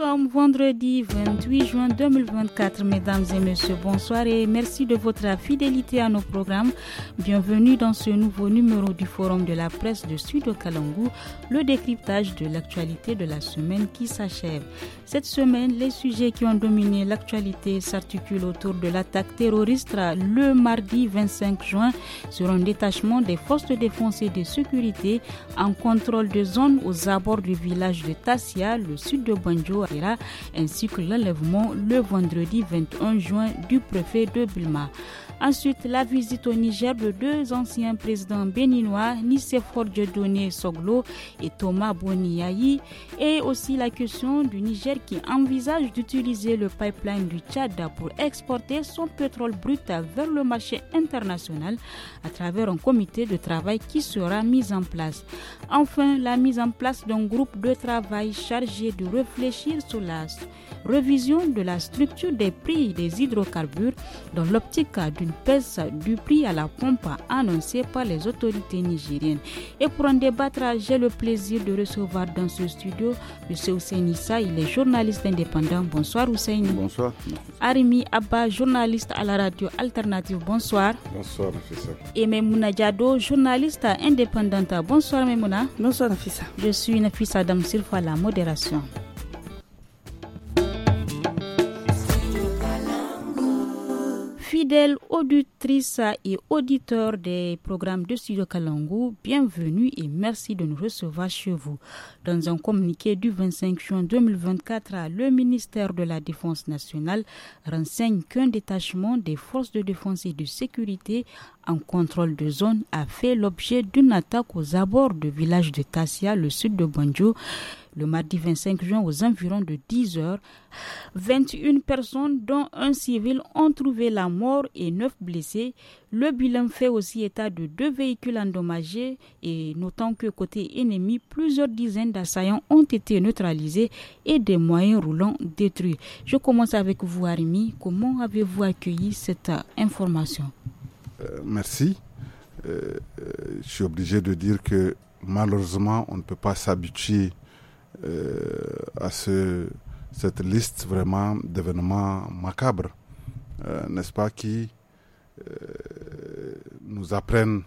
sommes vendredi 28 juin 2024, mesdames et messieurs. Bonsoir et merci de votre fidélité à nos programmes. Bienvenue dans ce nouveau numéro du Forum de la presse de Sud okalangou le décryptage de l'actualité de la semaine qui s'achève. Cette semaine, les sujets qui ont dominé l'actualité s'articulent autour de l'attaque terroriste le mardi 25 juin sur un détachement des forces de défense et de sécurité en contrôle de zone aux abords du village de Tassia, le sud de Banjo, ainsi que l'enlèvement le vendredi 21 juin du préfet de Bulma. Ensuite, la visite au Niger de deux anciens présidents béninois, Nicéphore Dieudonné Soglo et Thomas Boniayi, et aussi la question du Niger qui envisage d'utiliser le pipeline du Tchad pour exporter son pétrole brut vers le marché international à travers un comité de travail qui sera mis en place. Enfin, la mise en place d'un groupe de travail chargé de réfléchir sur la révision de la structure des prix des hydrocarbures dans l'optique d'une baisse du prix à la pompe annoncée par les autorités nigériennes. Et pour en débattre, j'ai le plaisir de recevoir dans ce studio M. Hussein Issa, il est journaliste indépendant. Bonsoir Hussein. Bonsoir. Arimi Abba, journaliste à la radio alternative. Bonsoir. Bonsoir Nafisa. Et Memouna Diado, journaliste indépendante. Bonsoir Memouna. Bonsoir Nafisa. Je suis Nafisa Adam à la modération. Fidèles auditrice et auditeur des programmes de Studio Kalangu, bienvenue et merci de nous recevoir chez vous. Dans un communiqué du 25 juin 2024, le ministère de la Défense nationale renseigne qu'un détachement des forces de défense et de sécurité en contrôle de zone a fait l'objet d'une attaque aux abords du village de Tasia, le sud de Banjo, le mardi 25 juin aux environs de 10 heures. 21 personnes, dont un civil, ont trouvé la mort et 9 blessés. Le bilan fait aussi état de deux véhicules endommagés et notant que côté ennemi, plusieurs dizaines d'assaillants ont été neutralisés et des moyens roulants détruits. Je commence avec vous, Arimi. Comment avez-vous accueilli cette information euh, Merci. Euh, euh, je suis obligé de dire que malheureusement, on ne peut pas s'habituer euh, à ce, cette liste vraiment d'événements macabres, euh, n'est-ce pas, qui euh, nous apprennent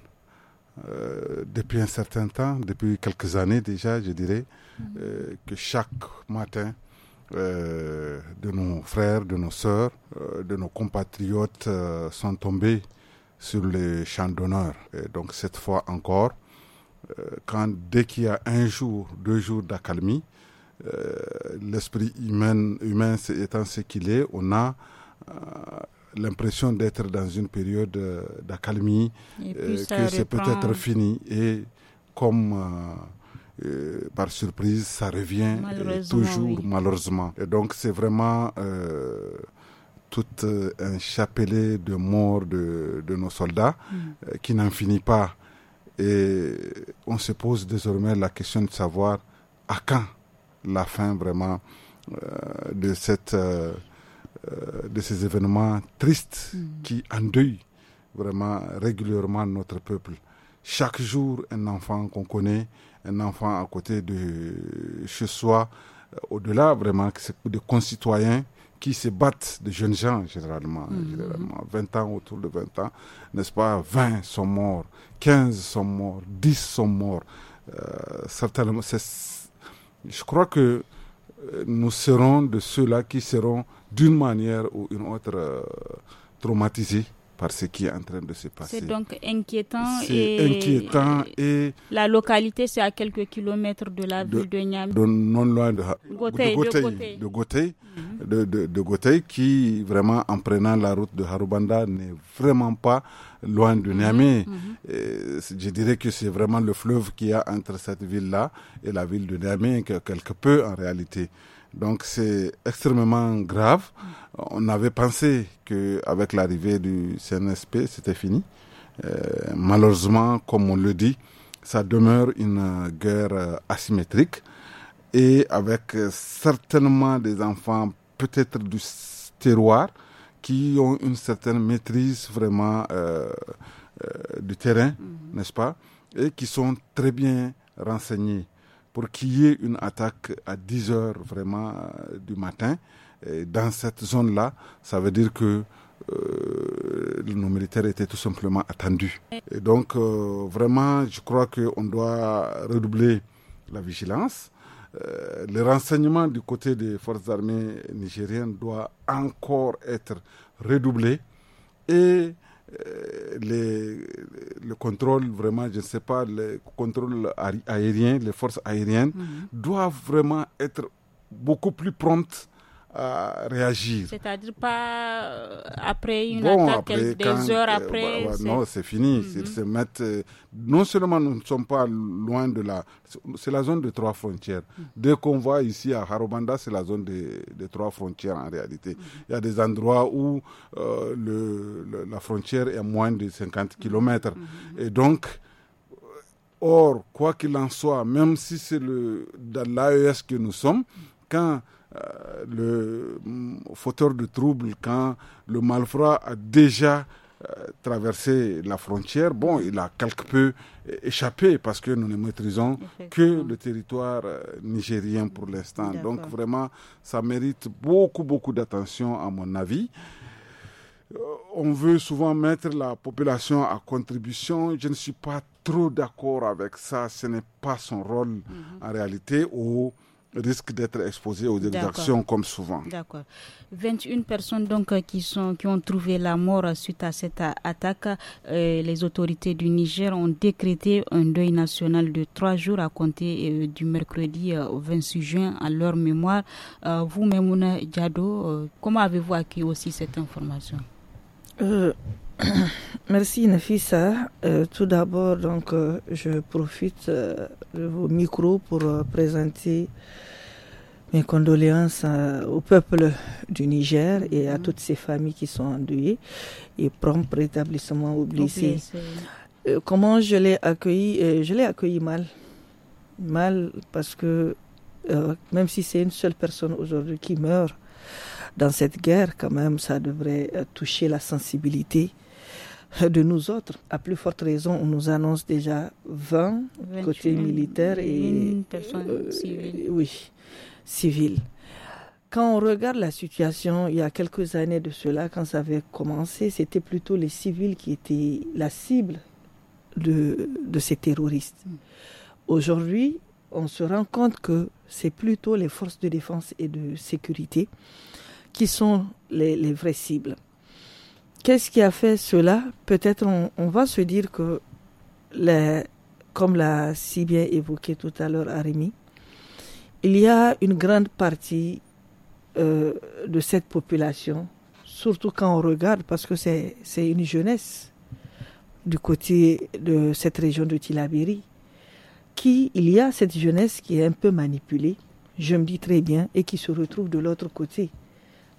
depuis un certain temps, depuis quelques années déjà, je dirais, mhm. que chaque matin, de nos frères, de nos sœurs, de nos compatriotes sont tombés sur les champs d'honneur. donc cette fois encore, euh, quand dès qu'il y a un jour, deux jours d'accalmie, euh, l'esprit humain, humain étant ce qu'il est, on a euh, l'impression d'être dans une période d'accalmie, que c'est peut-être fini. Et comme par surprise, ça revient toujours, malheureusement. Et donc, c'est vraiment tout un chapelet de morts de, nos soldats mm. qui n'en finit pas. Et on se pose désormais la question de savoir à quand la fin vraiment euh, de cette euh, euh, de ces événements tristes mm. qui endeuillent vraiment régulièrement notre peuple. Chaque jour, un enfant qu'on connaît, un enfant à côté de chez soi, au-delà vraiment de concitoyens, qui se battent, de jeunes gens généralement, 20 mhm. ans, autour de 20 ans, n'est-ce pas, 20 sont morts, 15 sont morts, 10 sont morts. Euh, certainement, je crois que euh, nous serons de ceux-là qui seront d'une manière ou une autre euh, traumatisés par ce qui est en train de se passer. C'est donc inquiétant. et... La localité, c'est à quelques kilomètres de la de, ville de Niamey. non loin de Gotei. De Gotei. De, de, qui, vraiment, en prenant la route de Harubanda, n'est vraiment pas loin de Niamey. Mhm, mhm. Je dirais que c'est vraiment le fleuve qu'il y a entre cette ville-là et la ville de Niamey, quelque peu en réalité. Donc c'est extrêmement grave. On avait pensé que qu'avec l'arrivée du CNSP, c'était fini. Euh, malheureusement, comme on le dit, ça demeure une guerre euh, asymétrique et avec euh, certainement des enfants peut-être du terroir qui ont une certaine maîtrise vraiment du terrain, mhm. n'est-ce pas, et qui sont très bien renseignés pour qu'il y ait une attaque à 10 heures vraiment euh, du matin dans cette zone-là, ça veut dire que euh, nos militaires étaient tout simplement attendus. Et donc euh, vraiment, je crois qu'on doit redoubler la vigilance. Les le renseignement du côté des forces armées nigériennes doit encore être redoublé et euh, le contrôle, vraiment, je ne sais pas, le contrôle aérien, les forces aériennes, mhm. doivent vraiment être beaucoup plus promptes à réagir. C'est-à-dire pas euh, après une attaque, des heures euh, après. Bah, bah, non, c'est fini. Mhm. Euh, non seulement nous ne sommes pas loin de la. C'est la zone de trois frontières. Mhm. deux convois ici à Harobanda, c'est la zone des de trois frontières en réalité. Mhm. Il y a des endroits où le, la frontière est moins de 50 km. Et donc. Or, quoi qu'il en soit, même si c'est dans l'AES que nous sommes, quand euh, le mm, fauteur de troubles quand le malfrat a déjà euh, traversé la frontière, bon, il a quelque peu échappé parce que nous ne maîtrisons que le territoire euh, nigérien pour l'instant. Donc vraiment, ça mérite beaucoup, beaucoup d'attention à mon avis. On veut souvent mettre la population à contribution. Je ne suis pas trop d'accord avec ça. Ce n'est pas son rôle mhm. en réalité. Au, risque d'être exposé aux exactions comme souvent. D'accord. 21 personnes donc qui sont qui ont trouvé la mort suite à cette attaque. Euh, les autorités du Niger ont décrété un deuil national de trois jours à compter euh, du mercredi 26 euh, juin à leur mémoire. vous, Memouna Diado, comment avez-vous acquis aussi cette information Merci Nafisa. Euh, tout d'abord, donc, euh, je profite euh, de vos micros pour présenter mes condoléances au peuple du Niger et à mm. toutes ces familles qui sont endeuillées et prompt établissement aux blessés. comment je l'ai accueilli Je l'ai accueilli mal. Mal parce que même si c'est une seule personne aujourd'hui qui meurt dans cette guerre, quand même, ça devrait toucher la sensibilité de nous autres. À plus forte raison, on nous annonce déjà 20 côté militaire et personnes euh, euh, Oui, civiles. Quand on regarde la situation, il y a quelques années de cela, quand ça avait commencé, c'était plutôt les civils qui étaient la cible de, de ces terroristes. Mm. Aujourd'hui, on se rend compte que c'est plutôt les forces de défense et de sécurité qui sont les vraies cibles. Qu'est-ce qui a fait cela Peut-être on, va se dire que, comme l'a si bien évoqué tout à l'heure Arimi, il y a une grande partie euh, de cette population, surtout quand on regarde, parce que c'est une jeunesse du côté de cette région de Tilabéry, qui, il y a cette jeunesse qui est un peu manipulée, je me dis très bien, et qui se retrouve de l'autre côté,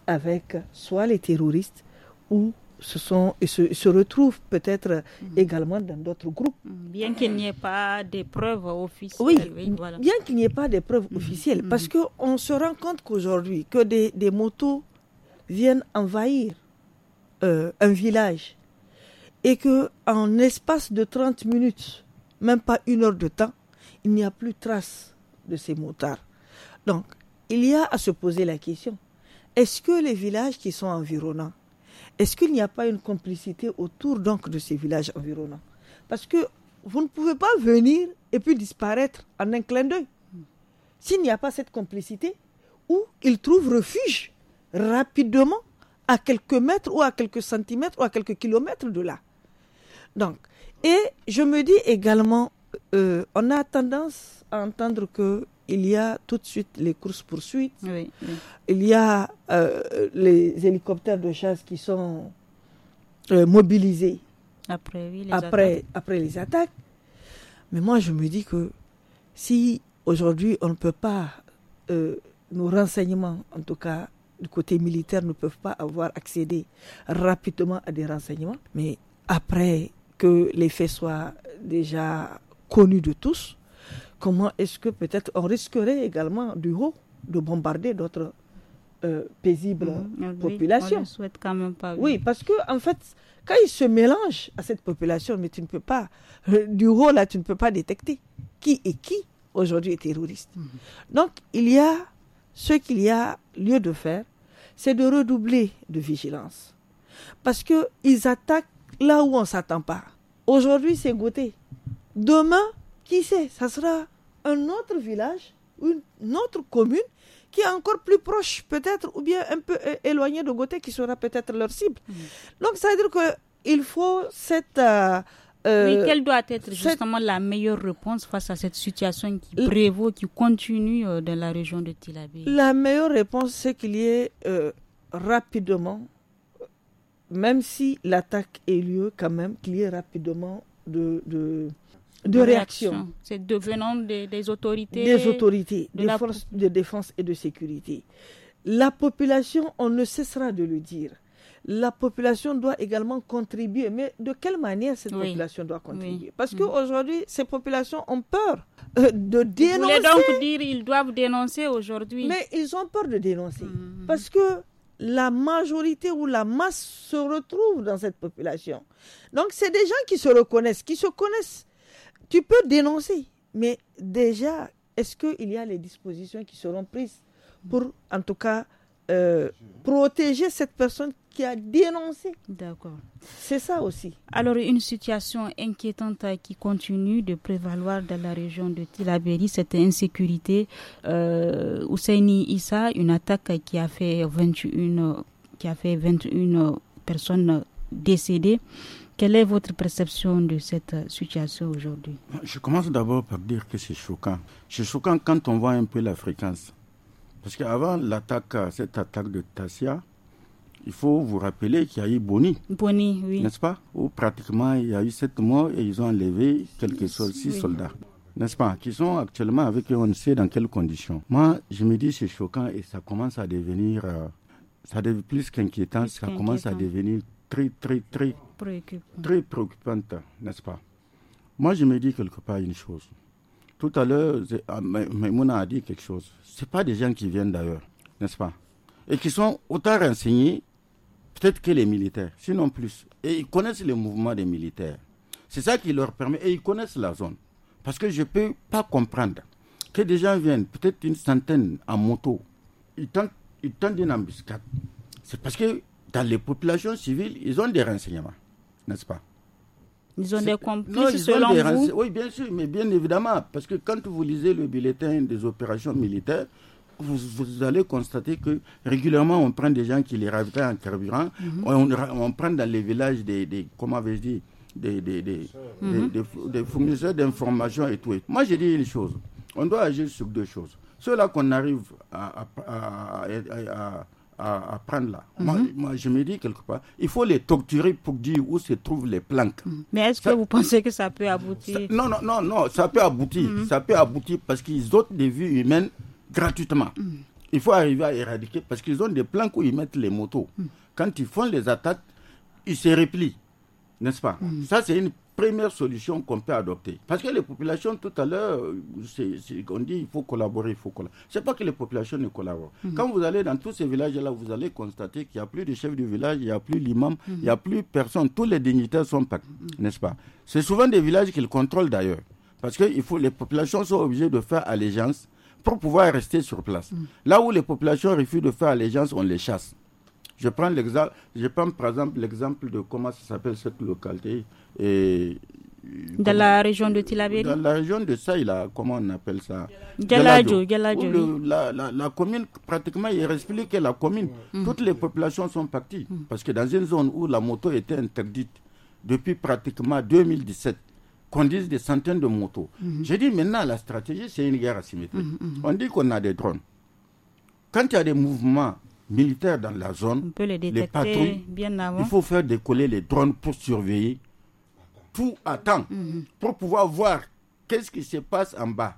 avec soit les terroristes ou se, sont, se, retrouvent peut-être mm. également dans d'autres groupes. Mm. Bien qu'il n'y ait pas de preuves officielles. Oui, bien qu'il n'y ait pas de preuves mm. officielles, parce qu'on se rend compte qu'aujourd'hui, que des, motos viennent envahir euh, un village et qu'en espace de 30 minutes, même pas une heure de temps, il n'y a plus trace de ces motards. Donc, il y a à se poser la question, est-ce que les villages qui sont environnants est-ce qu'il n'y a pas une complicité autour donc de ces villages environnants Parce que vous ne pouvez pas venir et puis disparaître en un clin d'œil. S'il n'y a pas cette complicité, où ils trouvent refuge rapidement à quelques mètres ou à quelques centimètres ou à quelques kilomètres de là. Donc, et je me dis également, euh, on a tendance à entendre que il y a tout de suite les courses-poursuites, il y a euh, les hélicoptères de chasse qui sont euh, mobilisés après, les après, après, les attaques. Mais moi, je me dis que si aujourd'hui on ne peut pas, euh, nos renseignements, en tout cas du côté militaire, ne peuvent pas avoir accédé rapidement à des renseignements, mais après que les faits soient déjà connus de tous, comment est-ce que peut-être on risquerait également du haut de bombarder d'autres euh, paisibles mm, populations. Oui, souhaite quand même pas. Oui, parce que en fait, quand ils se mélangent à cette population, mais tu ne peux pas, euh, du haut là, tu ne peux pas détecter qui est qui aujourd'hui est terroriste. Mm. Donc, il y a ce qu'il y a lieu de faire, c'est de redoubler de vigilance, parce que attaquent là où on s'attend pas. Aujourd'hui, c'est goûté Demain, qui sait, ça sera un autre village, une autre commune qui est encore plus proche peut-être ou bien un peu éloignée de Gauthier qui sera peut-être leur cible. Mm. Donc ça veut dire qu'il faut cette... Mais euh, euh, quelle doit être justement la meilleure réponse face à cette situation qui prévaut, qui continue euh, dans la région de Tilabé La meilleure réponse, c'est qu'il y ait rapidement, même si l'attaque est lieu quand même, qu'il y ait rapidement de, de réaction. C'est devenant des, autorités. Des autorités, de des la... forces de défense et de sécurité. La population, on ne cessera de le dire. La population doit également contribuer. Mais de quelle manière cette population doit contribuer Parce qu'aujourd'hui, mm. ces populations ont peur euh, de dénoncer. Vous voulez donc dire qu'ils doivent dénoncer aujourd'hui Mais ils ont peur de dénoncer. Mm. Parce que la majorité ou la masse se retrouve dans cette population. Donc, c'est des gens qui se reconnaissent, qui se connaissent tu peux dénoncer, mais déjà, est-ce qu'il y a les dispositions qui seront prises pour, en tout cas, euh, protéger cette personne qui a dénoncé. D'accord. C'est ça aussi. Alors, une situation inquiétante qui continue de prévaloir dans la région de Tilaberi, cette insécurité. Euh, Issa, une attaque qui a fait 21, qui a fait 21 personnes décédé. Quelle est votre perception de cette situation aujourd'hui Je commence d'abord par dire que c'est choquant. C'est choquant quand on voit un peu la fréquence. Parce qu'avant l'attaque, cette attaque de Tassia, il faut vous rappeler qu'il y a eu Boni. Boni, oui. N'est-ce pas Où pratiquement il y a eu sept morts et ils ont enlevé quelques uns six soldats. N'est-ce pas Qui sont actuellement avec eux, on ne sait dans quelles conditions. Moi, je me dis c'est choquant et ça commence à devenir. Euh, ça devient plus qu'inquiétant, ça commence à devenir très, très, très, préoccupante, n'est-ce pas Moi, je me dis quelque part une chose. Tout à l'heure, ah, Maimouna a dit quelque chose. Ce pas des gens qui viennent d'ailleurs, n'est-ce pas Et qui sont autant renseignés, peut-être que les militaires, sinon plus. Et ils connaissent le mouvement des militaires. C'est ça qui leur permet, et ils connaissent la zone. Parce que je ne peux pas comprendre que des gens viennent, peut-être une centaine en moto, ils tentent, ils tentent une embuscade. C'est parce que dans les populations civiles, ils ont des renseignements, n'est-ce pas Ils ont des complices selon vous Oui, bien sûr, mais bien évidemment, parce que quand vous lisez le bulletin des opérations militaires, vous, allez constater que régulièrement, on prend des gens qui les ravitaient en carburant, mhm. on, prend dans les villages des, comment vais-je dire, des, des, mhm. fournisseurs d'informations et tout. Moi, j'ai dit une chose, on doit agir sur deux choses. Ceux-là qu'on arrive à à, prendre là. Mhm. moi, je me dis quelque part, il faut les torturer pour dire où se trouvent les planques. Mhm. Mais est-ce que vous pensez que ça peut aboutir Non, non, non, non, ça peut aboutir. Mhm. Ça peut aboutir parce qu'ils ont des vies humaines gratuitement. Il faut arriver à éradiquer parce qu'ils ont des planques où ils mettent les motos. Quand ils font les attaques, ils se replient. N'est-ce pas Ça, c'est une première solution qu'on peut adopter. Parce que les populations, tout à l'heure, on dit il faut collaborer, il faut collaborer. Ce n'est pas que les populations ne collaborent. Mhm. Quand vous allez dans tous ces villages-là, vous allez constater qu'il n'y a plus de chef du village, il n'y a plus l'imam, mhm. il n'y a plus personne. Tous les dignitaires sont pas, mhm. n'est-ce pas C'est souvent des villages qu'ils contrôlent d'ailleurs. Parce que il faut, les populations sont obligées de faire allégeance pour pouvoir rester sur place. Là où les populations refusent de faire allégeance, on les chasse. Je prends l'exemple, par exemple l'exemple de comment ça s'appelle cette localité. Et, euh, dans la région de Tilabé. Dans la région de ça, comment on appelle ça Geladjo. La, la, commune, pratiquement, il reste que la commune. Mm. Toutes les populations sont parties. Mm. Parce que dans une zone où la moto était interdite depuis pratiquement 2017, conduisent des centaines de motos. Je mm -hmm. J'ai dit maintenant, la stratégie, c'est une guerre asymétrique. -hmm, -hmm. On dit qu'on a des drones. Quand il y a des mouvements militaires dans la zone, les, patrouilles. Bien avant. Il faut faire décoller les drones pour surveiller tout à temps, mm-hmm. pour pouvoir voir qu'est-ce qui se passe en bas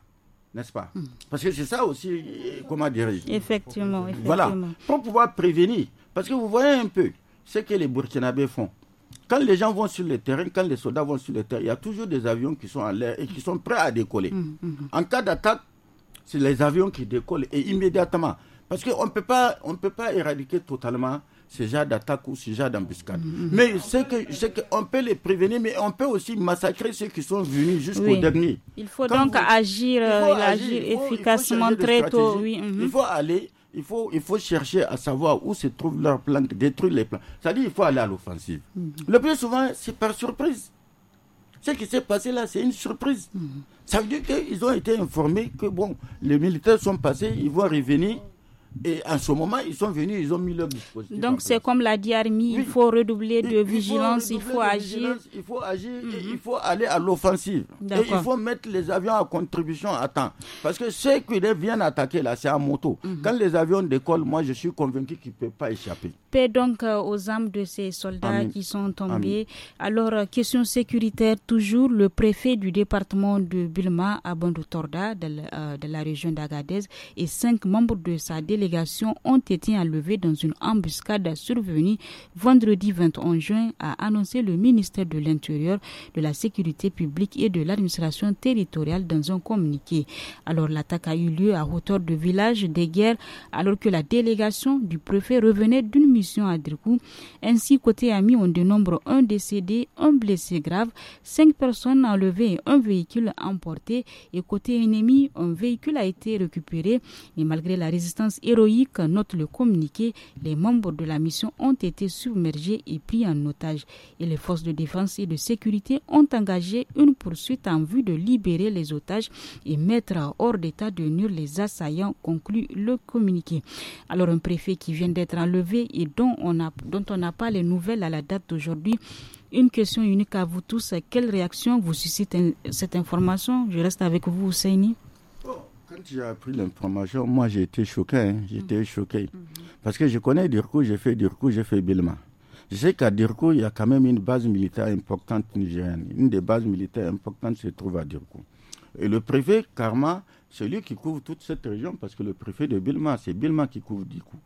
n'est-ce pas mm. Parce que c'est ça aussi, comment dirais-je effectivement, effectivement, Voilà, pour pouvoir prévenir. Parce que vous voyez un peu ce que les Burkinabés font. Quand les gens vont sur le terrain, quand les soldats vont sur le terrain, il y a toujours des avions qui sont en l'air et qui sont prêts à décoller. Mm, mm, en cas d'attaque, c'est les avions qui décollent et immédiatement. Parce qu'on ne peut pas éradiquer totalement ce genre d'attaque ou ce genre d'embuscade. Mm-hmm. Mais c'est que, on peut les prévenir, mais on peut aussi massacrer ceux qui sont venus jusqu'au dernier. Il faut donc agir, agir, efficacement très tôt. Mm-hmm. Il faut aller, il faut, il faut chercher à savoir où se trouvent leurs plans, détruire les plans. C'est-à-dire il faut aller à l'offensive. Mm-hmm. Le plus souvent, c'est par surprise. Ce qui s'est passé là, c'est une surprise. Ça veut dire qu'ils ont été informés que bon, les militaires sont passés, ils vont revenir et en ce moment, ils sont venus, ils ont mis leur dispositif. Donc c'est comme la diarmie, il faut redoubler de vigilance, il faut, agir. il faut agir et mhm. il faut aller à l'offensive. Et il faut mettre les avions à contribution à temps. Parce que ceux qui les viennent attaquer là, c'est en moto. Mhm. Quand les avions décollent, moi je suis convaincu qu'ils ne peuvent pas échapper. Paix donc euh, aux âmes de ces soldats qui sont tombés. Alors, euh, question sécuritaire, toujours le préfet du département de Bulma, Abandou Torda, de, euh, de la région d'Agadez, et cinq membres de sa délégation ont été enlevés dans une embuscade survenue vendredi 21 juin, a annoncé le ministère de l'Intérieur, de la Sécurité publique et de l'administration territoriale dans un communiqué. Alors l'attaque a eu lieu à hauteur de village des guerres alors que la délégation du préfet revenait d'une mission à Dricou. Ainsi, côté ami, on dénombre un décédé, un blessé grave, cinq personnes enlevées et un véhicule emporté. Et côté ennemi, un véhicule a été récupéré. Et malgré la résistance et héroïque, note le communiqué, les membres de la mission ont été submergés et pris en otage et les forces de défense et de sécurité ont engagé une poursuite en vue de libérer les otages et mettre hors d'état de nuire les assaillants, conclut le communiqué. Alors un préfet qui vient d'être enlevé et dont on n'a pas les nouvelles à la date d'aujourd'hui une question unique à vous tous. Quelle réaction vous suscite hein, cette information Je reste avec vous, Seigneur j'ai appris l'information, moi j'ai été choqué. Hein, j'étais mhm. choqué. Mhm. Parce que je connais Dirkou, j'ai fait Dirkou, j'ai fait Bilma. Je sais qu'à Dirkou il y a quand même une base militaire importante nigérienne. Une des bases militaires importantes se trouve à Dirkou Et le préfet Karma, c'est lui qui couvre toute cette région parce que le préfet de Bilma, c'est Bilma qui couvre Dirkou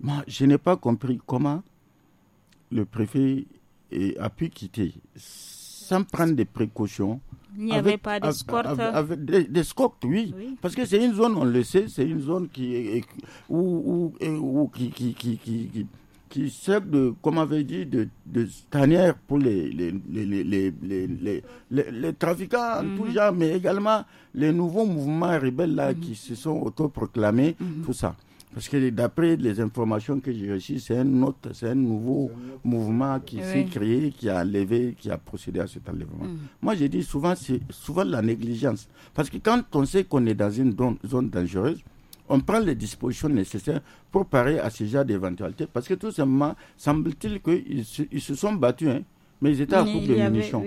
Moi, je n'ai pas compris comment le préfet a pu quitter sans prendre des précautions il n'y avait pas d'escorte. Hein. des oui. oui. Parce que c'est une zone, on le sait, c'est une zone qui est, qui, qui, de, comme on avait dit, de, tanière pour les, les, les, trafiquants, mhm. tout mais également les nouveaux mouvements rebelles là, mhm. qui se sont autoproclamés, mhm. tout ça. Parce que d'après les informations que j'ai reçues, c'est un autre, c'est un nouveau mouvement qui s'est créé, qui a enlevé, qui a procédé à cet enlèvement. Mm. Moi, j'ai dit souvent, c'est souvent la négligence. Parce que quand on sait qu'on est dans une zone dangereuse, on prend les dispositions nécessaires pour parer à ce genre d'éventualité. Parce que tout simplement, semble-t-il qu'ils se, se sont battus. Hein. Mais ils étaient en coupe de munitions.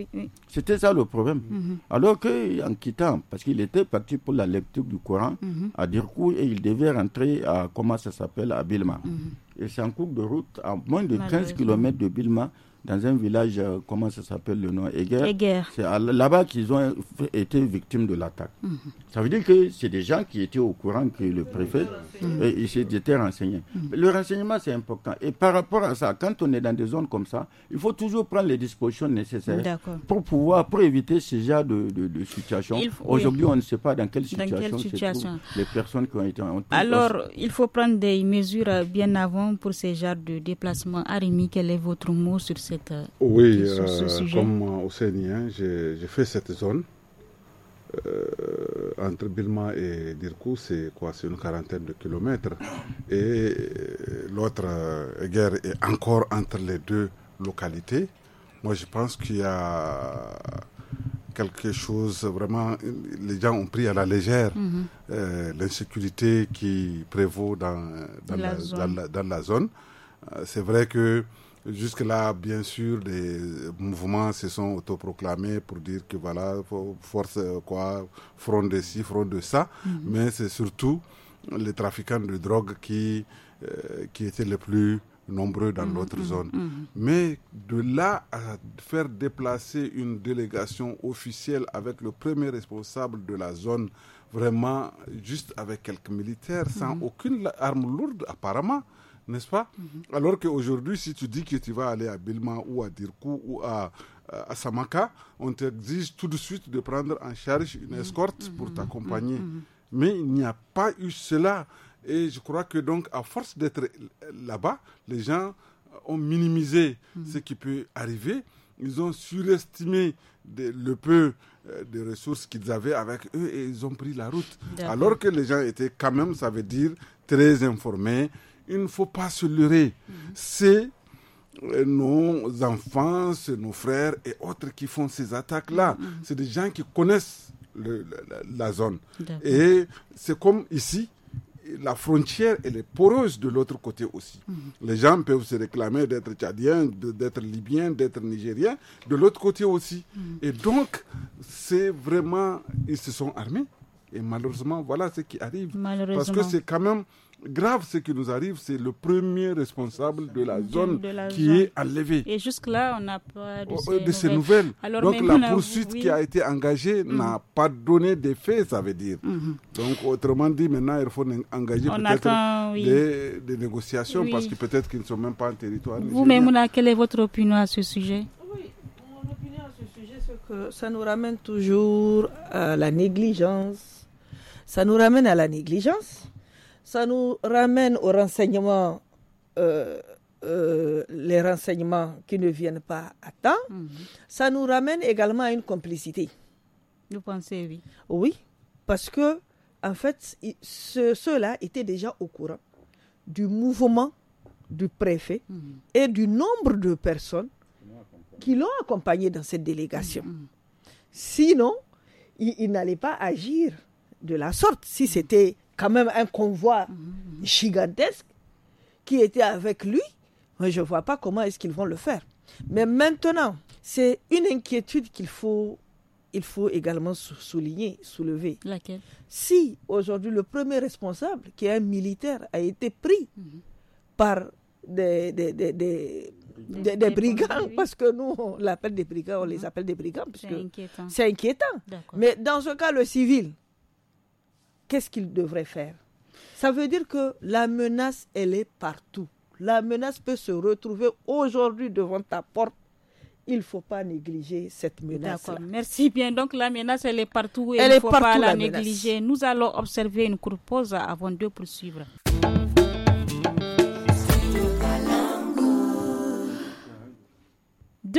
C'était ça le problème. Mhm. Alors que Alors qu'en quittant, parce qu'il était parti pour la lecture du Coran mhm. à Dirkou et il devait rentrer à, comment ça s'appelle, à Bilma. Mhm. Et c'est en cours de route, à moins de 15 km de Bilma, dans un village, euh, comment ça s'appelle le nom Eger. C'est là-bas qu'ils ont été victimes de l'attaque. Mhm. Ça veut dire que c'est des gens qui étaient au courant que le préfet, mm -hmm. ils mhm. Le renseignement, c'est important. Et par rapport à ça, quand on est dans des zones comme ça, il faut toujours prendre les dispositions nécessaires pour pouvoir, pour éviter ce genre de, situation. Aujourd'hui, on ne sait pas dans quelle situation, dans quelle les personnes qui ont été... Alors, il faut prendre des mesures bien avant pour ce genre de déplacement. Arimi, quel est votre mot sur ce euh, oui, euh, Comme au j'ai fait cette zone. Euh, entre Bilma et Dirkou, c'est quoi C'est une quarantaine de kilomètres. Et l'autre guerre est encore entre les deux localités. Moi, je pense qu'il y a quelque chose vraiment. Les gens ont pris à la légère mhm. l'insécurité qui prévaut dans, dans la, zone. c'est vrai que Jusque-là, bien sûr, des mouvements se sont autoproclamés pour dire que voilà, force euh, quoi, front de ci, front de ça. Mhm. Mais c'est surtout les trafiquants de drogue qui, euh, qui étaient les plus nombreux dans notre mhm, l'autre mhm, zone. Mais de là à faire déplacer une délégation officielle avec le premier responsable de la zone, vraiment juste avec quelques militaires, sans aucune arme lourde apparemment, n'est-ce pas mhm. Alors qu'aujourd'hui, si tu dis que tu vas aller à Bilma ou à Dirkou ou à, Samaka, on t'exige tout de suite de prendre en charge une mhm. escorte pour mhm. t'accompagner. Mais il n'y a pas eu cela. Et je crois que donc, à force d'être là-bas, les gens ont minimisé ce qui peut arriver. Ils ont surestimé le peu euh, de ressources qu'ils avaient avec eux et ils ont pris la route. Alors que les gens étaient quand même, ça veut dire, très informés il ne faut pas se leurrer. Mhm. C'est euh, nos enfants, nos frères et autres qui font ces attaques-là. Mhm. C'est des gens qui connaissent la, zone. Et c'est comme ici, la frontière, elle est poreuse de l'autre côté aussi. Mhm. Les gens peuvent se réclamer d'être tchadiens, d'être libyens, d'être nigériens, de l'autre côté aussi. Et donc, c'est vraiment, ils se sont armés. Et malheureusement, voilà ce qui arrive. Parce que c'est quand même grave ce qui nous arrive, c'est le premier responsable de la zone qui est enlevé. Et jusque-là, on n'a pas de oh, oh, ces, nouvelles. Donc la poursuite qui a été engagée mm. n'a pas donné d'effet, ça veut dire. Mm-hmm. Donc autrement dit, maintenant, il faut engager peut-être des, négociations parce que peut-être qu'ils ne sont même pas en territoire. mais Mouna, quelle est votre opinion à ce sujet mon opinion à ce sujet, c'est que ça nous ramène toujours à la négligence. Ça nous ramène à la négligence ça nous ramène aux renseignements, euh, euh, les renseignements qui ne viennent pas à temps. Mhm. Ça nous ramène également à une complicité. Vous pensez, oui Oui, parce que, en fait, ceux-là étaient déjà au courant du mouvement du préfet mhm. et du nombre de personnes qui l'ont accompagné dans cette délégation. Mhm. Sinon, ils n'allaient pas agir de la sorte si c'était quand même un convoi gigantesque qui était avec lui. je ne vois pas comment est-ce qu'ils vont le faire. Mais maintenant, c'est une inquiétude qu'il faut, il faut également souligner, soulever. Laquelle Si aujourd'hui le premier responsable, qui est un militaire, a été pris par des, des, brigands, parce que nous, on l'appelle des brigands, on les mhm. appelle des brigands, c'est inquiétant. inquiétant. Mais dans ce cas, le civil, qu'est-ce qu'il devrait faire Ça veut dire que la menace, elle est partout. La menace peut se retrouver aujourd'hui devant ta porte il ne faut pas négliger cette menace. D'accord. Merci bien. Donc la menace, elle est partout et elle il faut pas la, la négliger. Nous allons observer une courte pause avant de poursuivre.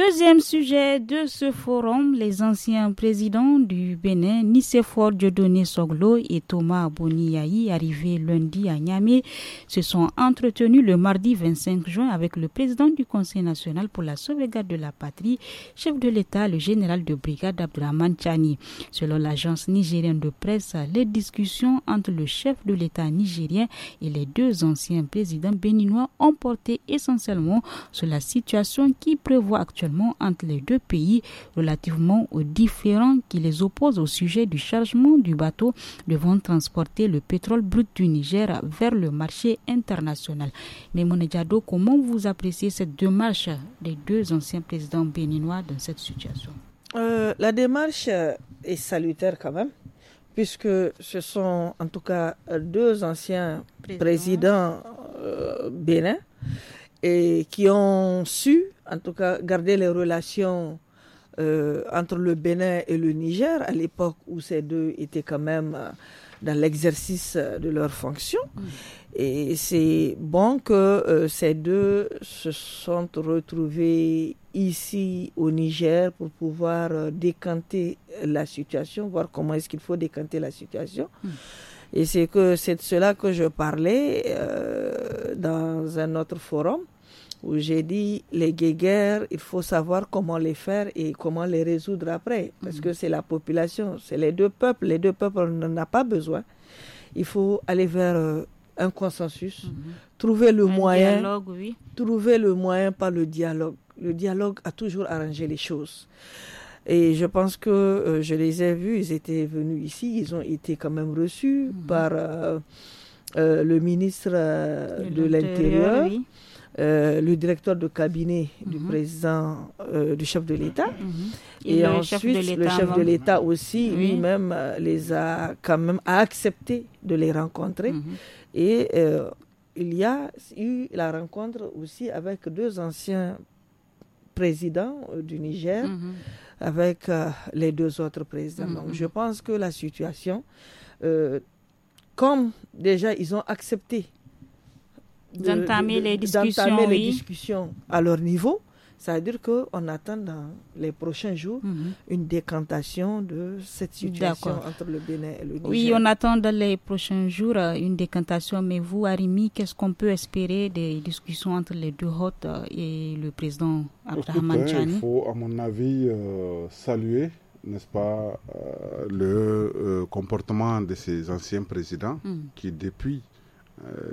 Deuxième sujet de ce forum, les anciens présidents du Bénin, Nicéphore Diodoné Soglo et Thomas Boniaï, arrivés lundi à Niamey, se sont entretenus le mardi 25 juin avec le président du Conseil national pour la sauvegarde de la patrie, chef de l'État, le général de brigade Abdraman Chani. Selon l'agence nigérienne de presse, les discussions entre le chef de l'État nigérien et les deux anciens présidents béninois ont porté essentiellement sur la situation qui prévoit actuellement entre les deux pays relativement aux différents qui les opposent au sujet du chargement du bateau devant transporter le pétrole brut du Niger vers le marché international. Mais Monejado, comment vous appréciez cette démarche des deux anciens présidents béninois dans cette situation euh, La démarche est salutaire quand même puisque ce sont en tout cas deux anciens présidents, euh, bénins et qui ont su, en tout cas, garder les relations euh, entre le Bénin et le Niger, à l'époque où ces deux étaient quand même euh, dans l'exercice euh, de leurs fonctions. Mm. Et c'est bon que euh, ces deux se sont retrouvés ici au Niger pour pouvoir décanter la situation, voir comment est-ce qu'il faut décanter la situation. Mm. Et c'est que c'est de cela que je parlais. Euh, dans un autre forum où j'ai dit les guéguerres, il faut savoir comment les faire et comment les résoudre après, parce que c'est la population, c'est les deux peuples, les deux peuples n'en a pas besoin. Il faut aller vers euh, un consensus, mhm. trouver le moyen, dialogue, oui. trouver le moyen par le dialogue. Le dialogue a toujours arrangé les choses. Et je pense que euh, je les ai vus, ils étaient venus ici, ils ont été quand même reçus mhm. par euh, euh, le ministre euh, de l'Intérieur, euh, le directeur de cabinet du mhm. président, du chef de l'État. Mhm. Et, le ensuite, le chef de l'État aussi, lui-même, les a quand même accepté de les rencontrer. Mhm. Et il y a eu la rencontre aussi avec deux anciens présidents du Niger, avec les deux autres présidents. Donc je pense que la situation comme déjà ils ont accepté d'entamer les, discussions, à leur niveau, ça veut dire qu'on attend dans les prochains jours une décantation de cette situation entre le Bénin et le Niger. Oui, on attend dans les prochains jours une décantation. Mais vous, Arimi, qu'est-ce qu'on peut espérer des discussions entre les deux hôtes euh, et le président Abraham Chani Il faut, à mon avis, euh, saluer n'est-ce pas, euh, le euh, comportement de ces anciens présidents hmm. qui, depuis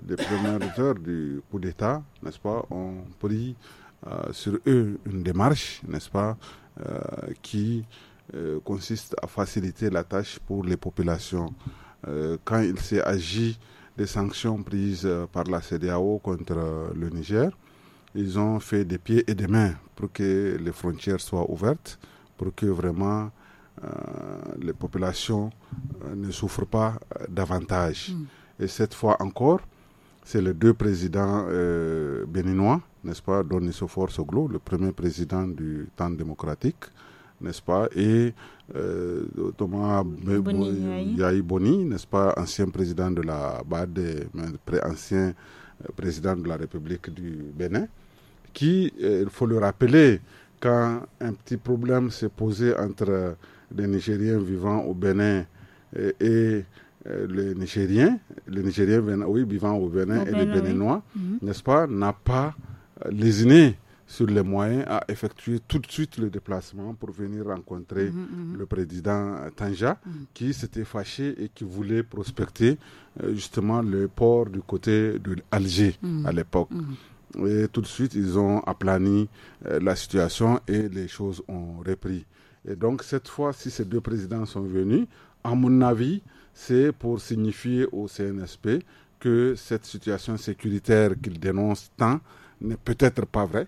les euh, premières heures du coup d'État, n'est-ce pas, ont pris sur eux une démarche, n'est-ce pas, qui consiste à faciliter la tâche pour les populations. quand il s'est agi des sanctions prises par la CDAO contre le Niger, ils ont fait des pieds et des mains pour que les frontières soient ouvertes pour que vraiment euh, les populations euh, ne souffrent pas euh, davantage. Mm. Et cette fois encore, c'est les deux présidents béninois, n'est-ce pas, Don Soglo, le premier président du temps démocratique, n'est-ce pas, et Thomas Yahiboni Boni, n'est-ce pas, ancien président de la BAD, mais ancien président de la République du Bénin, qui, il faut le rappeler, quand un petit problème s'est posé entre euh, les Nigériens vivant au Bénin et, euh, les Nigériens, les Nigériens oui, vivant au Bénin et les Béninois, mhm. n'est-ce pas, n'a pas euh, lésiné sur les moyens à effectuer tout de suite le déplacement pour venir rencontrer mhm, mhm. le président Tanja, qui s'était fâché et qui voulait prospecter justement le port du côté de l'Alger à l'époque. Et tout de suite, ils ont aplani euh, la situation et les choses ont repris. Et donc, cette fois, si ces deux présidents sont venus, à mon avis, c'est pour signifier au CNSP que cette situation sécuritaire qu'ils dénoncent tant n'est peut-être pas vraie,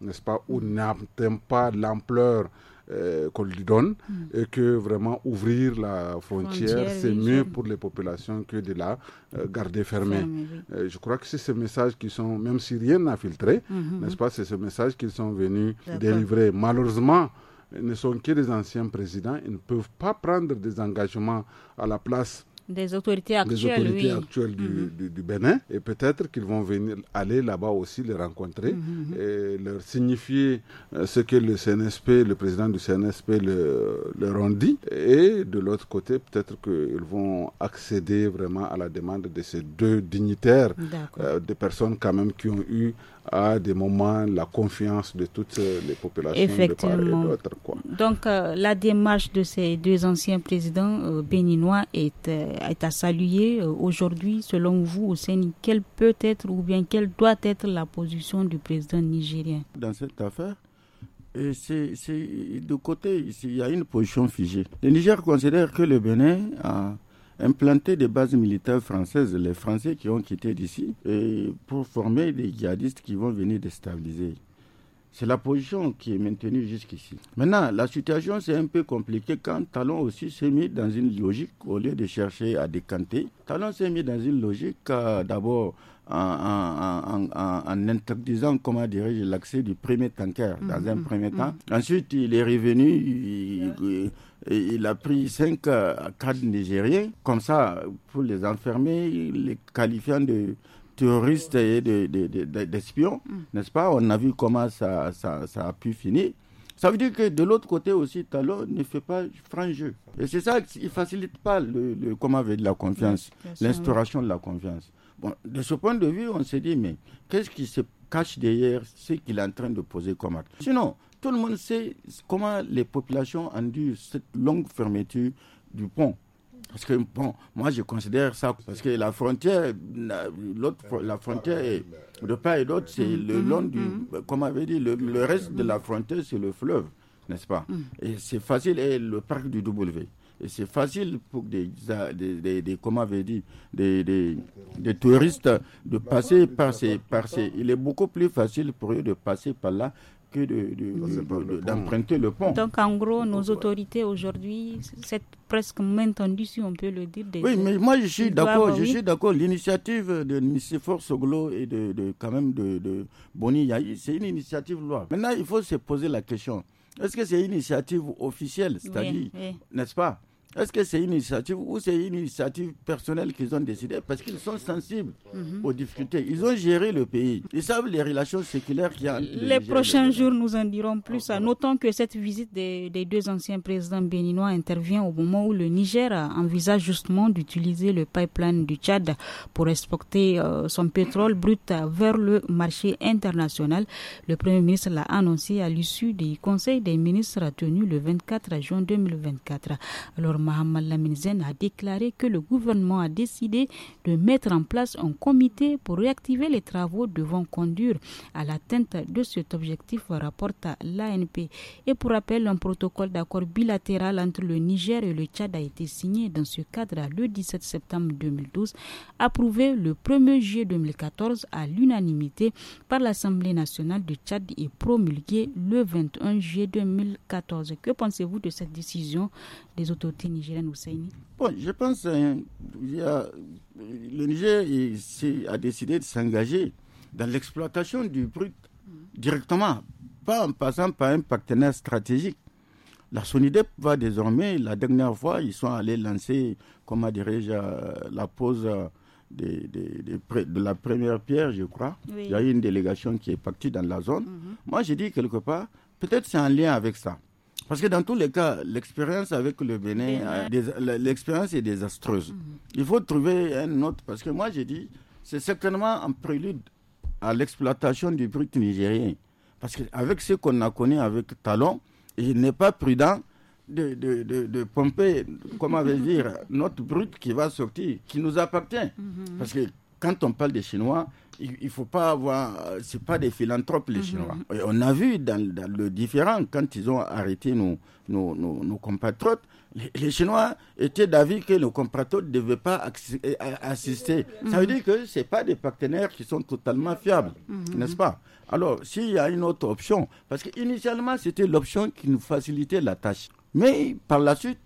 n'est-ce pas, ou n'atteint pas l'ampleur euh, qu'on lui donne mm. et que vraiment ouvrir la frontière, c'est mieux pour les populations que de la euh, garder fermée. Euh, je crois que c'est ce message qui sont, même si rien n'a filtré, mm-hmm. n'est-ce pas, c'est ce message qu'ils sont venus délivrer. Malheureusement, ils ne sont que des anciens présidents, ils ne peuvent pas prendre des engagements à la place des autorités actuelles, mhm. du, du, Bénin. Et peut-être qu'ils vont venir aller là-bas aussi les rencontrer mhm, mhm, et leur signifier euh, ce que le CNSP, le président du CNSP le, leur ont dit. Et de l'autre côté, peut-être qu'ils vont accéder vraiment à la demande de ces deux dignitaires, euh, des personnes quand même qui ont eu à des moments la confiance de toutes euh, les populations de part et Donc euh, la démarche de ces deux anciens présidents euh, béninois est, est, à saluer aujourd'hui. Selon vous, au sein quelle peut être ou bien quelle doit être la position du président nigérien Dans cette affaire, c'est de côté, il y a une position figée. Le Niger considère que le Bénin a implanter des bases militaires françaises, les Français qui ont quitté d'ici, pour former des djihadistes qui vont venir déstabiliser. C'est la position qui est maintenue jusqu'ici. Maintenant, la situation, c'est un peu compliquée quand Talon aussi s'est mis dans une logique, au lieu de chercher à décanter, Talon s'est mis dans une logique euh, d'abord en, en, interdisant, comment dirais l'accès du premier tanker dans mhm, un mhm, premier mhm. temps. Ensuite, il est revenu, il, a pris cinq euh, cadres nigériens, comme ça, pour les enfermer, les qualifiant de terroristes et d'espions, hmm. n'est-ce pas On a vu comment ça, ça, a pu finir. Ça veut dire que de l'autre côté aussi, Talon ne fait pas franc jeu. Et c'est ça qui ne facilite pas le, le, comment avec la confiance, l'instauration de la confiance. Bon, de ce point de vue, on s'est dit, mais qu'est-ce qui se cache derrière ce qu'il est en train de poser comme acte Sinon, tout le monde sait comment les populations endurent cette longue fermeture du pont. Parce que, bon, moi je considère ça, parce que la frontière, l'autre la frontière de part et d'autre, c'est mm-hmm. le long du, mm-hmm. comme avait dit, le, reste de la frontière, c'est le fleuve, n'est-ce pas mm. Et c'est facile, et le parc du W. Et c'est facile pour des, des, des, comment avait dit, des, des, touristes de passer par ces, par ces. Il est beaucoup plus facile pour eux de passer par là que d'emprunter le pont. Donc en gros, nos autorités aujourd'hui, c'est presque maintenu si on peut le dire. oui, mais moi je suis d'accord, je suis d'accord. L'initiative de M. Soglo et de, quand même de, Boni c'est une initiative loi. Maintenant, il faut se poser la question. Est-ce que c'est une initiative officielle, c'est-à-dire, n'est-ce pas est-ce que c'est une initiative ou c'est une initiative personnelle qu'ils ont décidé parce qu'ils sont sensibles mhm. aux difficultés Ils ont géré le pays. Ils savent les relations séculaires qu'il y a. Les prochains jours nous en dirons plus. Ah, Notons que cette visite des, deux anciens présidents béninois intervient au moment où le Niger envisage justement d'utiliser le pipeline du Tchad pour exporter euh, son pétrole brut vers le marché international. Le Premier ministre l'a annoncé à l'issue du Conseil des ministres tenu le 24 juin 2024. Alors, Mohamed Laminzen a déclaré que le gouvernement a décidé de mettre en place un comité pour réactiver les travaux devant conduire à l'atteinte de cet objectif, à l'ANP. Et pour rappel, un protocole d'accord bilatéral entre le Niger et le Tchad a été signé dans ce cadre le 17 septembre 2012, approuvé le 1er juillet 2014 à l'unanimité par l'Assemblée nationale du Tchad et promulgué le 21 juillet 2014. Que pensez-vous de cette décision des autorités Bon, je pense que hein, le Niger a décidé de s'engager dans l'exploitation du brut directement, pas en passant par un partenaire stratégique. La SONIDEP va désormais, la dernière fois, ils sont allés lancer, comment dirais euh, la pose euh, de, de, la première pierre, je crois. Il y a eu une délégation qui est partie dans la zone. Mhm. Moi, j'ai dit quelque part, peut-être c'est en lien avec ça. Parce que dans tous les cas, l'expérience avec le Bénin, euh, l'expérience est désastreuse. Mhm. Il faut trouver un autre, parce que moi j'ai dit, c'est certainement un prélude à l'exploitation du brut nigérien. Parce qu'avec ce qu'on a connu avec Talon, il n'est pas prudent de, de, de, pomper, comment vais dire, notre brut qui va sortir, qui nous appartient. Mhm. Parce que quand on parle des Chinois, il ne faut pas avoir. Euh, ce pas des philanthropes, les mhm. Chinois. on a vu dans, le différent, quand ils ont arrêté nos, nos, nos, compatriotes, les, Chinois étaient d'avis que nos compatriotes ne devaient pas euh, euh, assister. Ça veut mhm. dire que ce pas des partenaires qui sont totalement fiables, mhm. n'est-ce pas Alors, s'il y a une autre option, parce qu'initialement, c'était l'option qui nous facilitait la tâche. Mais par la suite,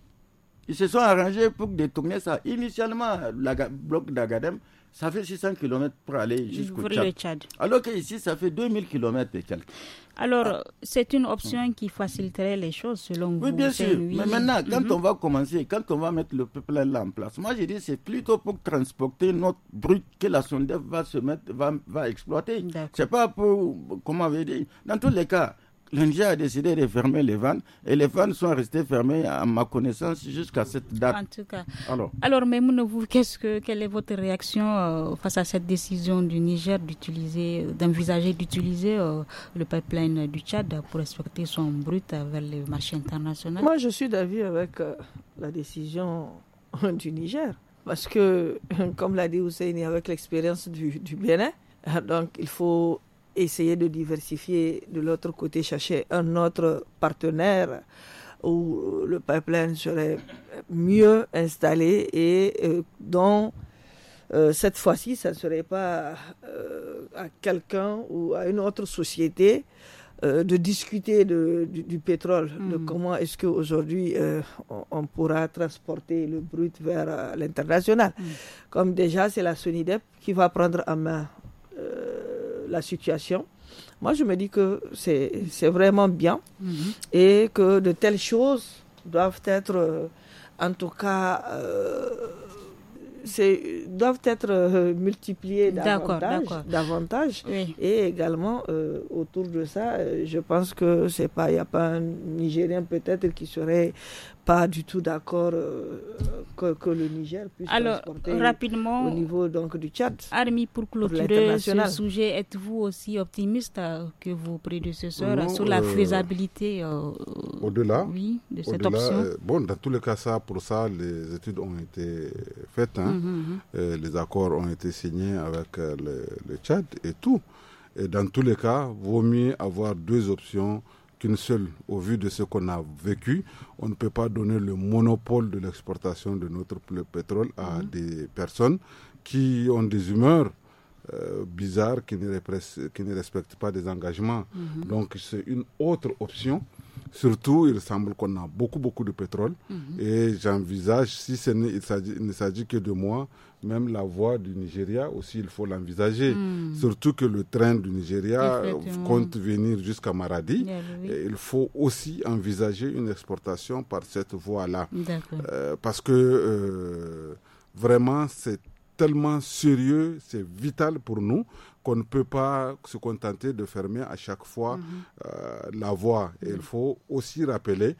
ils se sont arrangés pour détourner ça. Initialement, le bloc d'Agadem ça fait 600 km pour aller jusqu'au Tchad. Alors qu'ici, ça fait 2000 km et quelques. Alors, ah. c'est une option qui faciliterait les choses selon vous. Oui, bien sûr. Mais maintenant, quand mhm. on va commencer, quand on va mettre le peuple là en place, moi je dis c'est plutôt pour transporter notre brut que la sonde va se mettre, va, va exploiter. C'est pas pour, comment on veut dire. Dans tous les cas, le Niger a décidé de fermer les vannes et les vannes sont restées fermées à ma connaissance jusqu'à cette date. En tout cas. Alors, mais vous, qu'est-ce que, quelle est votre réaction euh, face à cette décision du Niger d'utiliser, d'envisager d'utiliser euh, le pipeline du Tchad pour exporter son brut vers les marchés internationaux Moi, je suis d'avis avec euh, la décision du Niger parce que, comme l'a dit Hussein, avec l'expérience du, du Bénin, donc il faut essayer de diversifier de l'autre côté, chercher un autre partenaire où le pipeline serait mieux installé et euh, dont euh, cette fois-ci, ça ne serait pas euh, à quelqu'un ou à une autre société de discuter du, pétrole, hmm. de comment est-ce qu'aujourd'hui on, pourra transporter le brut vers l'international. Hmm. Comme déjà, c'est la SONIDEP qui va prendre en main la situation. Moi, je me dis que c'est vraiment bien mhm. et que de telles choses doivent être, euh, en tout cas, euh, c'est doivent être euh, multipliées davantage, davantage et également autour de ça je pense que c'est pas il n'y a pas un Nigérien peut-être qui serait du tout d'accord euh, que, le Niger puisse Alors, rapidement, au niveau donc du Tchad. Armi, pour clôturer ce sujet, êtes-vous aussi optimiste euh, que vos prédécesseurs sur la euh, faisabilité au-delà oui, de cette option Bon, dans tous les cas, ça, pour ça, les études ont été faites, hein. mhm, mhm. les accords ont été signés avec le, le Tchad et tout. Et dans tous les cas, vaut mieux avoir deux options qu'une seule au vu de ce qu'on a vécu. On ne peut pas donner le monopole de l'exportation de notre pétrole à mhm. des personnes qui ont des humeurs euh, bizarres, qui ne, respectent pas des engagements. Mhm. Donc c'est une autre option Surtout, il semble qu'on a beaucoup, beaucoup de pétrole. Mhm. Et j'envisage, si ce il, ne s'agit que de moi, même la voie du Nigeria aussi, il faut l'envisager. Hmm. Surtout que le train du Nigeria compte venir jusqu'à Maradi. Eh il faut aussi envisager une exportation par cette voie-là. Euh, parce que euh, vraiment, c'est tellement sérieux, c'est vital pour nous qu'on ne peut pas se contenter de fermer à chaque fois mhm. euh, la voie. Et il faut aussi rappeler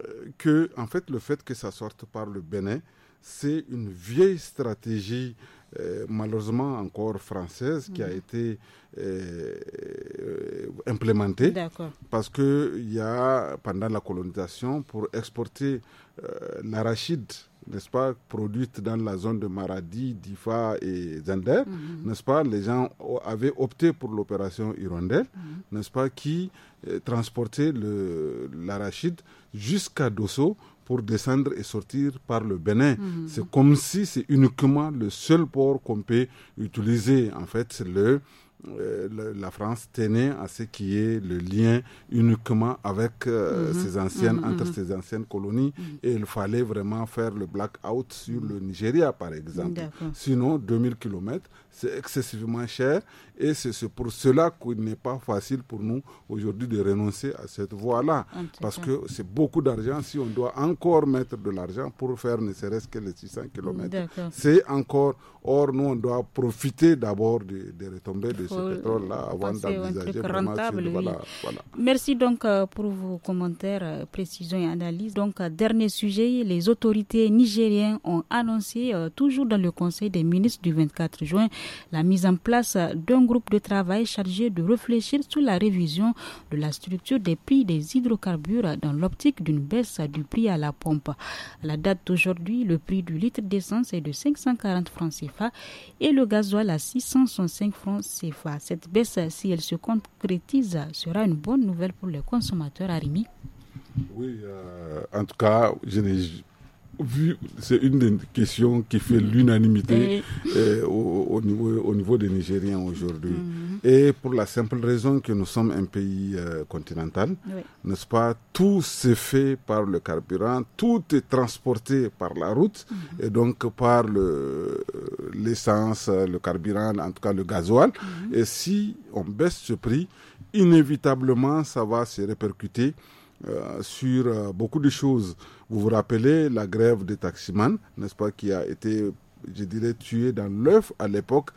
euh, que, en fait, le fait que ça sorte par le Bénin, c'est une vieille stratégie, euh, malheureusement encore française, qui a mhm. été implémentée. Parce qu'il y a, pendant la colonisation, pour exporter l'arachide n'est-ce pas, produites dans la zone de Maradi, Difa et Zander, mhm. n'est-ce pas, les gens avaient opté pour l'opération Hirondelle, mhm. n'est-ce pas, qui euh, transportait l'arachide jusqu'à Dosso pour descendre et sortir par le Bénin. Mhm. C'est comme si c'est uniquement le seul port qu'on peut utiliser. En fait, le euh, la France tenait à ce qui est le lien uniquement avec euh, mhm. ses anciennes, mhm. entre ses anciennes colonies. Mhm. Et il fallait vraiment faire le blackout sur le Nigeria, par exemple. Sinon, 2000 km, c'est excessivement cher et c'est pour cela qu'il n'est pas facile pour nous aujourd'hui de renoncer à cette voie-là. Parce que c'est beaucoup d'argent si on doit encore mettre de l'argent pour faire ne serait-ce que les 600 km. C'est encore, or nous on doit profiter d'abord des de retombées de ce pétrole-là avant d'envisager le rentable, Merci donc euh, pour vos commentaires, euh, précisions et analyses. Donc, euh, dernier sujet, les autorités nigériennes ont annoncé, toujours dans le Conseil des ministres du 24 juin, la mise en place d'un groupe de travail chargé de réfléchir sur la révision de la structure des prix des hydrocarbures dans l'optique d'une baisse du prix à la pompe. À la date d'aujourd'hui, le prix du litre d'essence est de 540 francs CFA et le gasoil à 605 francs CFA. Cette baisse, si elle se concrétise, sera une bonne nouvelle pour les consommateurs. Arimi oui, euh, en tout cas, je n'ai vu, c'est une des questions qui fait l'unanimité euh, au, niveau, au niveau des Nigériens aujourd'hui. Mhm. Et pour la simple raison que nous sommes un pays euh, continental, n'est-ce pas Tout s'est fait par le carburant, tout est transporté par la route, mhm. et donc par euh, l'essence, le, carburant, en tout cas le gasoil. Mhm. Et si on baisse ce prix, inévitablement, ça va se répercuter euh, sur euh, beaucoup de choses. Vous vous rappelez la grève des taximans, n'est-ce pas, qui a été, je dirais, tuée dans l'œuf à l'époque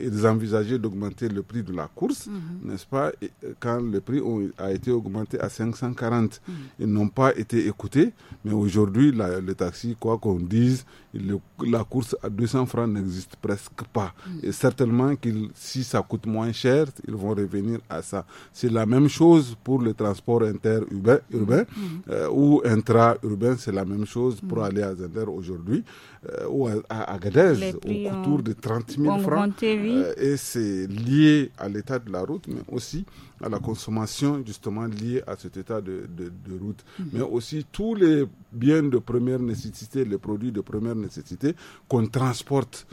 ils envisageaient d'augmenter le prix de la course, mhm. n'est-ce pas euh, Quand le prix a été augmenté à 540, mhm. ils n'ont pas été écoutés. Mais aujourd'hui, le taxi, quoi qu'on dise, la course à 200 francs n'existe presque pas. Mhm. Et certainement si ça coûte moins cher, ils vont revenir à ça. C'est la même chose pour le transport interurbain urbain, euh, ou intra-urbain, c'est la même chose pour aller à Zender aujourd'hui, euh, ou à, à Agadez, autour de 30 000 francs. Euh, et c'est lié à l'état de la route, mais aussi à la consommation justement liée à cet état de, route. Mhm. Mais aussi tous les biens de première nécessité, les produits de première nécessité qu'on transporte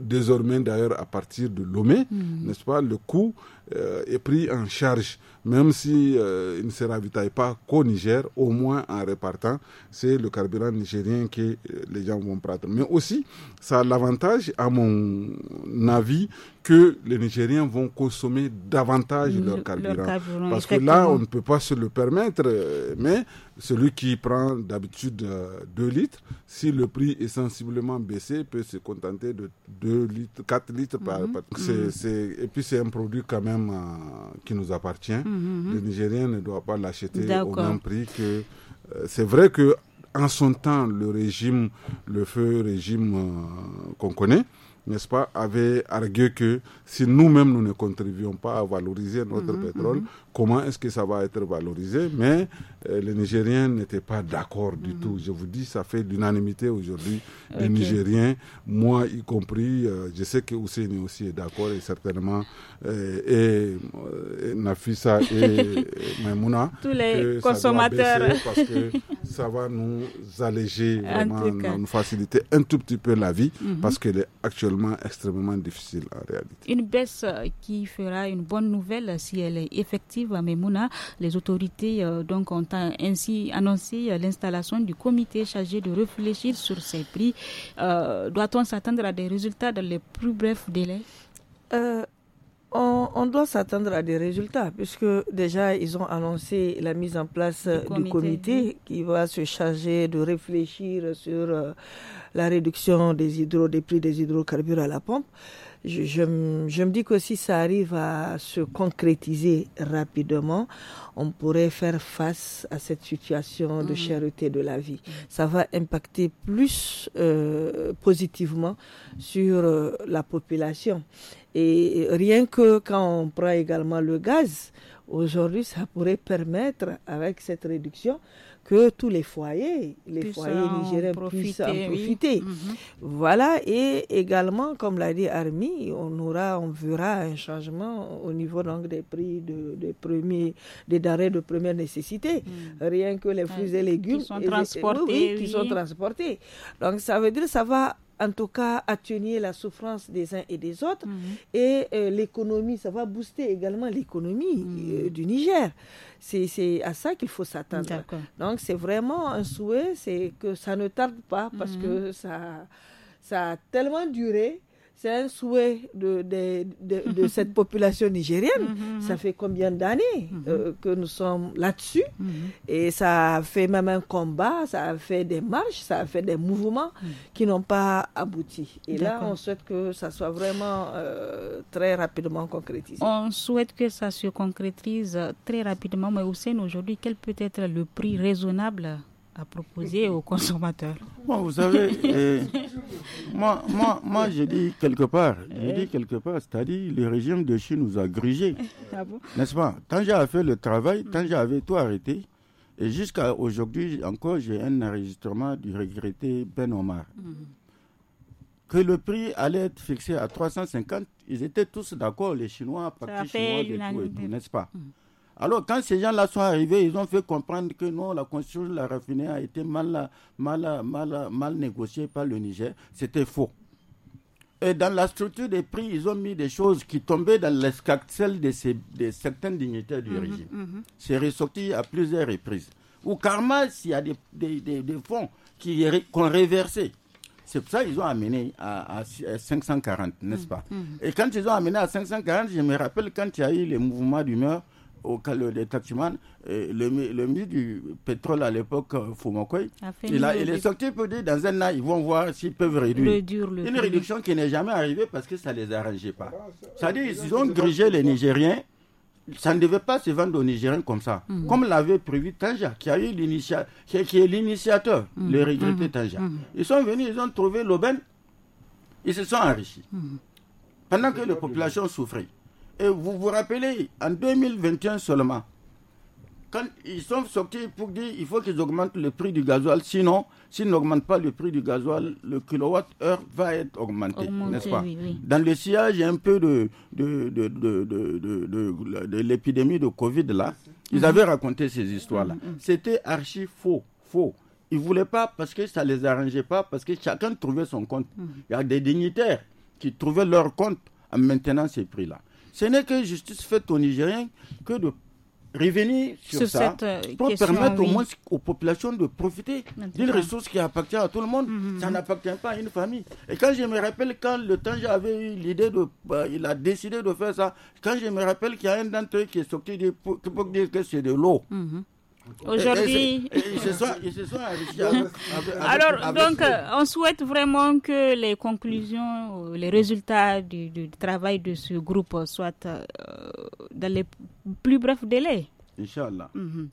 désormais d'ailleurs à partir de Lomé, hmm. n'est-ce pas, le coût euh, est pris en charge, même si euh, il ne se ravitaille pas qu'au Niger, au moins en repartant c'est le carburant nigérien que euh, les gens vont prendre. Mais aussi, ça a l'avantage, à mon avis, que les Nigériens vont consommer davantage leur, carburant. Parce que là, on ne peut pas se le permettre, euh, mais celui qui prend d'habitude 2 euh, litres, si le prix est sensiblement baissé, peut se contenter de 2 litres, 4 litres par. Mm et puis c'est un produit quand même euh, qui nous appartient. Mhm, mhm. Les Nigériens ne doit pas l'acheter au même prix que. c'est vrai que en son temps, le régime, le feu régime qu'on connaît, n'est-ce pas, avait argué que si nous-mêmes nous ne contribuons pas à valoriser notre mhm, pétrole, mhm. comment est-ce que ça va être valorisé Mais euh, les Nigériens n'étaient pas d'accord du mhm. tout. Je vous dis, ça fait l'unanimité aujourd'hui Les Nigériens, moi y compris. Euh, je sais que Ousseini aussi est d'accord et certainement euh, et, Nafisa et, Maimouna. Tous les consommateurs ça va nous alléger, vraiment, nous faciliter un tout petit peu la vie, mhm. parce qu'elle est actuellement extrêmement difficile en réalité. Une baisse euh, qui fera une bonne nouvelle si elle est effective à Memouna. Les autorités euh, donc ont ainsi annoncé euh, l'installation du comité chargé de réfléchir sur ces prix. Doit-on s'attendre à des résultats dans les plus brefs délais on, on, doit s'attendre à des résultats, puisque déjà, ils ont annoncé la mise en place du comité, qui va se charger de réfléchir sur euh, la réduction des, hydro, des prix des hydrocarbures à la pompe je, je, me dis que si ça arrive à se concrétiser rapidement, on pourrait faire face à cette situation de mm. charité de la vie. Mm. Ça va impacter plus euh, positivement sur euh, la population. Et rien que quand on prend également le gaz, aujourd'hui, ça pourrait permettre, avec cette réduction, que tous les foyers, les foyers nigériens puissent en profiter. Mhm. Voilà, et également, comme l'a dit Armi, on aura, on verra un changement au niveau donc des prix de, des premiers, des denrées de première nécessité, mhm. rien que les fruits et légumes qui sont, transportés, qui sont transportés. Donc ça veut dire ça va en tout cas atténuer la souffrance des uns et des autres. Mhm. Et euh, l'économie, ça va booster également l'économie mhm. euh, du Niger. C'est à ça qu'il faut s'attendre. Donc c'est vraiment un souhait, c'est que ça ne tarde pas parce mhm. que ça, ça a tellement duré c'est un souhait de, cette population nigérienne. Mhm, mhm. Ça fait combien d'années mhm. euh, que nous sommes là-dessus Et ça a fait même un combat, ça a fait des marches, ça a fait des mouvements qui n'ont pas abouti. Et là, on souhaite que ça soit vraiment euh, très rapidement concrétisé. On souhaite que ça se concrétise euh, très rapidement, mais au sein aujourd'hui, quel peut être le prix raisonnable à proposer aux consommateurs Moi, Vous savez, euh, moi, moi, moi, quelque part, j'ai euh. dit quelque part, c'est-à-dire le régime de Chine nous a grigé. Ah n'est-ce pas Quand j'ai fait le travail, quand j'avais tout arrêté, et jusqu'à aujourd'hui encore, j'ai un enregistrement du regretté Ben Omar. Mm. Que le prix allait être fixé à 350, ils étaient tous d'accord, les Chinois, partis chinois, de n'est-ce pas mm. Alors, quand ces gens-là sont arrivés, ils ont fait comprendre que non, la construction de la raffinerie a été mal, mal, mal, mal négociée par le Niger. C'était faux. Et dans la structure des prix, ils ont mis des choses qui tombaient dans l'escarcelle de, de certaines dignitaires du mhm, régime. Mhm. C'est ressorti à plusieurs reprises. Ou karma, s'il y a des, fonds qu'on qu réversait. C'est pour ça qu'ils ont amené à, 540, n'est-ce mhm, pas Et quand ils ont amené à 540, je me rappelle quand il y a eu les mouvements d'humeur, au, le, taximan, euh, le, le, ministre du pétrole à l'époque, euh, Fumokoy, il, il est sorti pour dire dans un an, ils vont voir s'ils peuvent réduire. Une réduction qui n'est jamais arrivée parce que ça ne les arrangeait pas. Ah, C'est-à-dire, ils ont grigé les Nigériens ça ne devait pas se vendre aux Nigériens comme ça. Mm. Comme l'avait prévu Tanja, qui, a eu qui, est l'initiateur, mm. le regretté mm. Tanja. Ils sont venus, ils ont trouvé l'aubaine, ils se sont enrichis. Pendant que les populations souffraient. Et vous vous rappelez, en 2021 seulement, quand ils sont sortis pour dire qu'il faut qu'ils augmentent le prix du gasoil, sinon, s'ils n'augmentent pas le prix du gasoil, le kilowatt-heure va être augmenté, n'est-ce pas Dans le sillage un peu de, de, de, de, l'épidémie de Covid, là, ils mhm. avaient raconté ces histoires-là. Mhm, mhm. C'était archi faux, faux. Ils ne voulaient pas parce que ça ne les arrangeait pas, parce que chacun trouvait son compte. Il y a des dignitaires qui trouvaient leur compte en maintenant ces prix-là. Ce n'est que justice faite aux Nigériens que de revenir sur, ça euh, pour permettre au moins aux populations de profiter d'une ressource qui appartient à tout le monde. Mhm, ça mhm. n'appartient pas à une famille. Et quand je me rappelle, quand le temps j'avais eu l'idée de. Euh, il a décidé de faire ça, quand je me rappelle qu'il y a un d'entre eux qui est sorti pour qui peut dire que c'est de l'eau. Mhm aujourd'hui. Alors, donc, euh, on souhaite vraiment que les conclusions, les résultats du, travail de ce groupe soient euh, dans les plus brefs délais. Inch'Allah. Mhm.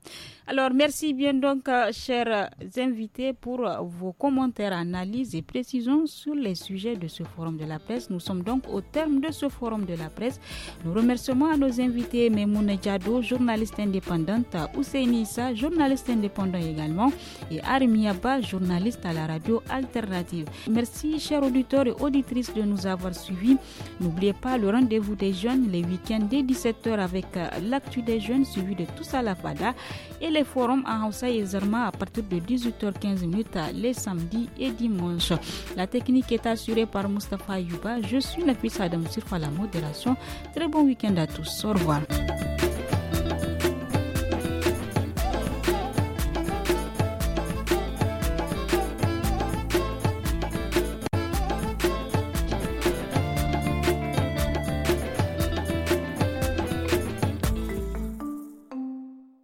Alors, merci bien donc, euh, chers invités, pour euh, vos commentaires, analyses et précisions sur les sujets de ce forum de la presse. Nous sommes donc au terme de ce forum de la presse. Nous remercions à nos invités Memouna Diado, journaliste indépendante, Ousseini Issa, journaliste indépendant également, et Abba, journaliste à la radio alternative. Merci, chers auditeurs et auditrices, de nous avoir suivis. N'oubliez pas le rendez-vous des jeunes les week-ends dès 17h avec euh, l'actu des jeunes suivi de tout à la FADA et les forum forums en et Zerma à partir de 18h15 euh, les samedis et dimanches. La technique est assurée par Mustapha Yuba. Je suis Nafisa Adam Sirfa, la modération. Très bon week-end à tous. Au revoir.